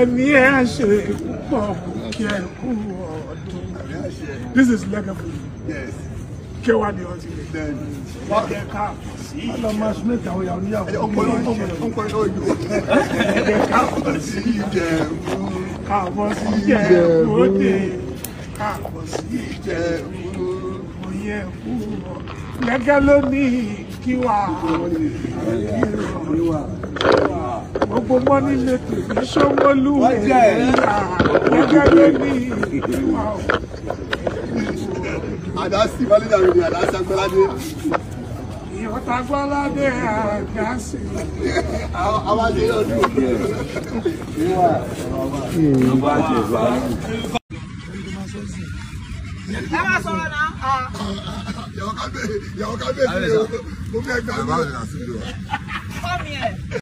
ẹ̀mí ẹ̀ á ṣe púpọ̀ kí ẹ kú this is legacy kí wá ní ọtí lè ọkẹ káàpọ̀ sí ìjẹ́ ọlọ́mọ smith àwọn ìyàwó níyàwó ọpọlọ yóò ọkẹ káàpọ̀ sí ìjẹ́ káàpọ̀ sí ìjẹ́ òde káàpọ̀ sí ìjẹ́ òye kú lẹ́gẹ́ lónìí kí wà á kí wà á gbogbo mọ́ní lẹ́tọ̀ ìṣọ́wọ́lú ọjọ́ lórí ìwà ọ̀. àdásí balẹ̀ àròyìn àdásí agbọ́ládé. ìyọ̀tà agbọ́ládé àdásí. àwọn àti ọdún. ìwà ọba àti ìwà. ẹ má sọ̀rọ̀ náà. yàwó ká bẹ́ẹ̀ yàwó ká bẹ́ẹ̀ fi o mo fẹ́ gbàgbé. Come here.